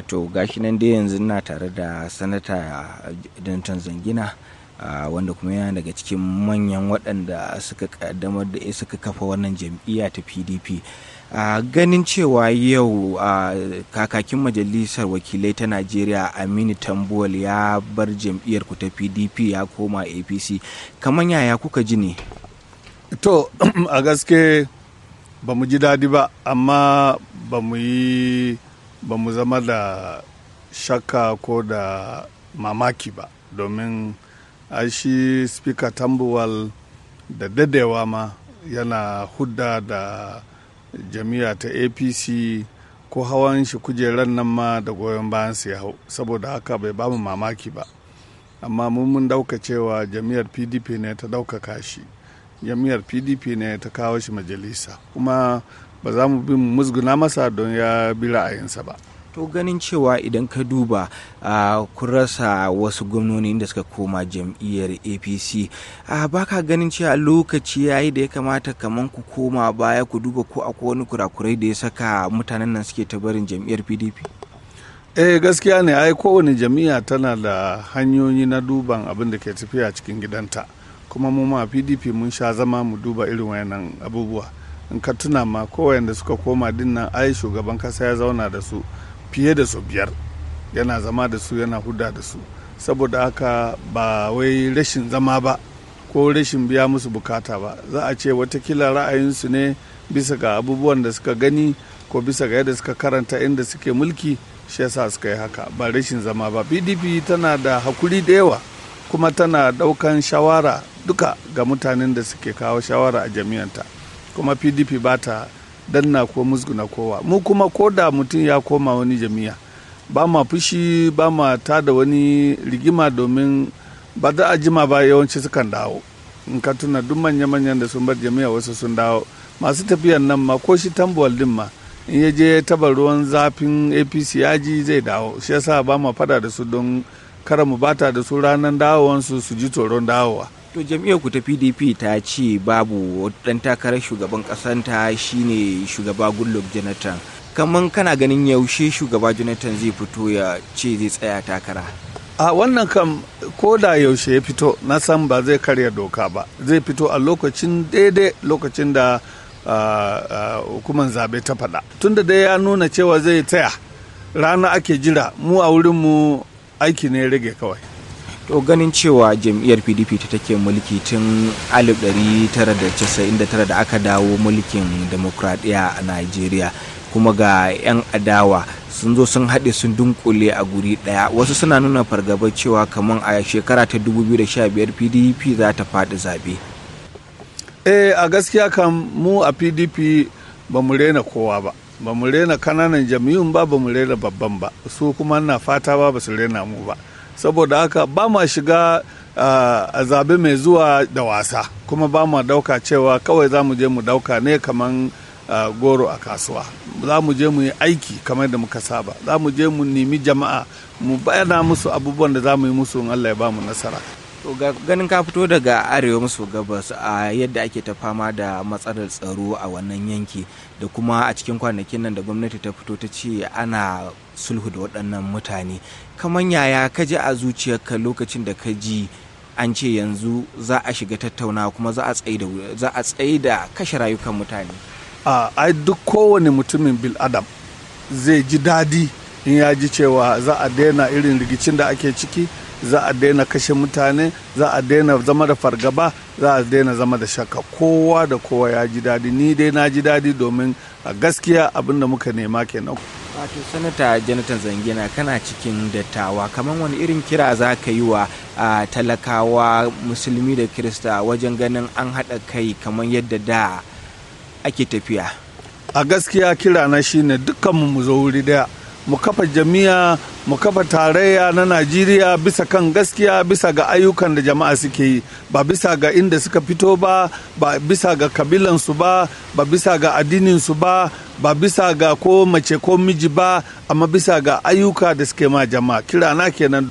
to gashi nan dai yanzu na tare da sanata danton zangina wanda kuma yana daga cikin manyan waɗanda suka kaddamar da suka kafa wannan jam'iyya ta pdp ganin cewa yau kakakin majalisar wakilai ta najeriya aminu tambuwal ya bar jam'iyyar ku ta pdp ya koma apc kamar yaya kuka ji ne to a gaske ba mu ji daɗi ba amma ba mu yi ba mu zama da shakka ko da mamaki ba domin shi speaker tambuwal da dadewa ma yana hudda da jami'a ta apc ko hawan shi kujerar nan ma da goyon bayan su ya hau saboda haka bai bamu mamaki ba amma mun mun dauka cewa jami'ar pdp ne ta daukaka shi jami'ar pdp ne ta kawo shi majalisa kuma ba za mu bi musguna masa don ya bi ra'ayinsa ba to ganin cewa idan ka duba ku rasa wasu gwamnoni da suka koma jam'iyyar apc ba baka ganin cewa lokaci ya yi da ya kamata kamar ku koma baya ku duba ko akwai wani kurakurai da ya saka mutanen nan suke ta barin jam'iyyar pdp eh gaskiya ne ai kowane jam'iyya tana da hanyoyi na duban abin da ke tafiya cikin gidanta kuma mu ma pdp mun sha zama mu duba irin wayannan abubuwa in ka tuna ma da suka koma dinnan ai shugaban kasa ya zauna da su fiye da su biyar yana zama da su yana huda da su saboda haka ba wai rashin zama ba ko rashin biya musu bukata ba za a ce watakila ra'ayinsu ne bisa ga abubuwan da suka gani ko bisa ga yadda suka karanta inda suke mulki shi yasa suka yi haka ba rashin zama ba pdp tana da hakuri da yawa kuma tana daukan shawara duka ga mutanen da suke kawo shawara a jami'anta kuma pdp ba ta danna ko musguna kowa mu kuma ko da mutum ya koma wani jami'a ba ma fushi ba ma ta da wani rigima domin ba za a jima ba yawanci sukan dawo in ka tuna duk manya-manyan da sun bar jami'a wasu sun dawo masu tafiyan nan ma ko shi tambuwal din ma in ya je taba ruwan zafin apc ya ji zai dawo shi yasa ba ma fada da su don kara mu bata da su ranar dawowansu su ji tsoron dawowa to jam'iyyar ku ta pdp ta ce babu dan takarar shugaban kasanta shine shugaba goodluck jonathan kaman kana ganin yaushe shugaba jonathan zai fito ya ce zai tsaya takara a wannan kam ko da yaushe ya fito na san ba zai karya doka ba zai fito a lokacin daidai lokacin da hukumar zaɓe ta faɗa tunda dai ya nuna cewa zai tsaya rana ake jira mu a wurin mu aiki ne rage kawai to ganin cewa jam'iyyar pdp ta take mulki tun 1999 da aka dawo mulkin demokradiyya a nigeria kuma ga 'yan adawa sun zo sun haɗe sun dunkule a guri ɗaya wasu suna nuna fargaba cewa kamar a shekara ta 2015 pdp za ta faɗi zaɓe eh a gaskiya kan mu a pdp ba mu rena kowa ba ba mu rena kananan jam'iyyun ba ba mu rena babban ba su kuma na fata ba ba su rena mu ba saboda haka ba ma shiga a zabe mai zuwa da wasa kuma ba ma dauka cewa kawai za mu je mu dauka ne kaman goro a kasuwa za mu je mu yi aiki kamar da muka saba za mu je mu nemi jama'a mu bayana musu abubuwan da za mu yi musu in Allah ya ba mu nasara to ganin ka fito daga arewa maso gabas a yadda ake ta fama da matsalar tsaro a wannan yanki da kuma a cikin kwanakin nan da gwamnati ta fito ta ce ana sulhu da waɗannan mutane kaman yaya ka ji a zuciyarka lokacin da ka ji an ce yanzu za a shiga tattauna kuma za a tsaye da kashe rayukan mutane ai duk kowane mutumin bil adam zai ji dadi in ya ji cewa za a daina irin rigicin da ake ciki za a daina kashe mutane za a daina zama da fargaba za a daina zama da shaka kowa da kowa ya ji dadi ni dai na ji dadi domin a gaskiya abin da muka nema kenan wato sanata jonathan zangina kana cikin dattawa kamar wani irin kira za ka yi wa talakawa musulmi da kirista wajen ganin an haɗa kai kamar yadda da ake tafiya a gaskiya kira na shine dukkanmu mu zo wuri daya mu kafa jami'a mu kafa tarayya na najeriya bisa kan gaskiya bisa ga ayyukan da jama'a suke yi ba bisa ga inda suka fito ba ba bisa ga kabilansu ba ba bisa ga su ba ba bisa ga ko mace ko miji ba amma bisa ga ayyuka da suke ma jama'a kira na kenan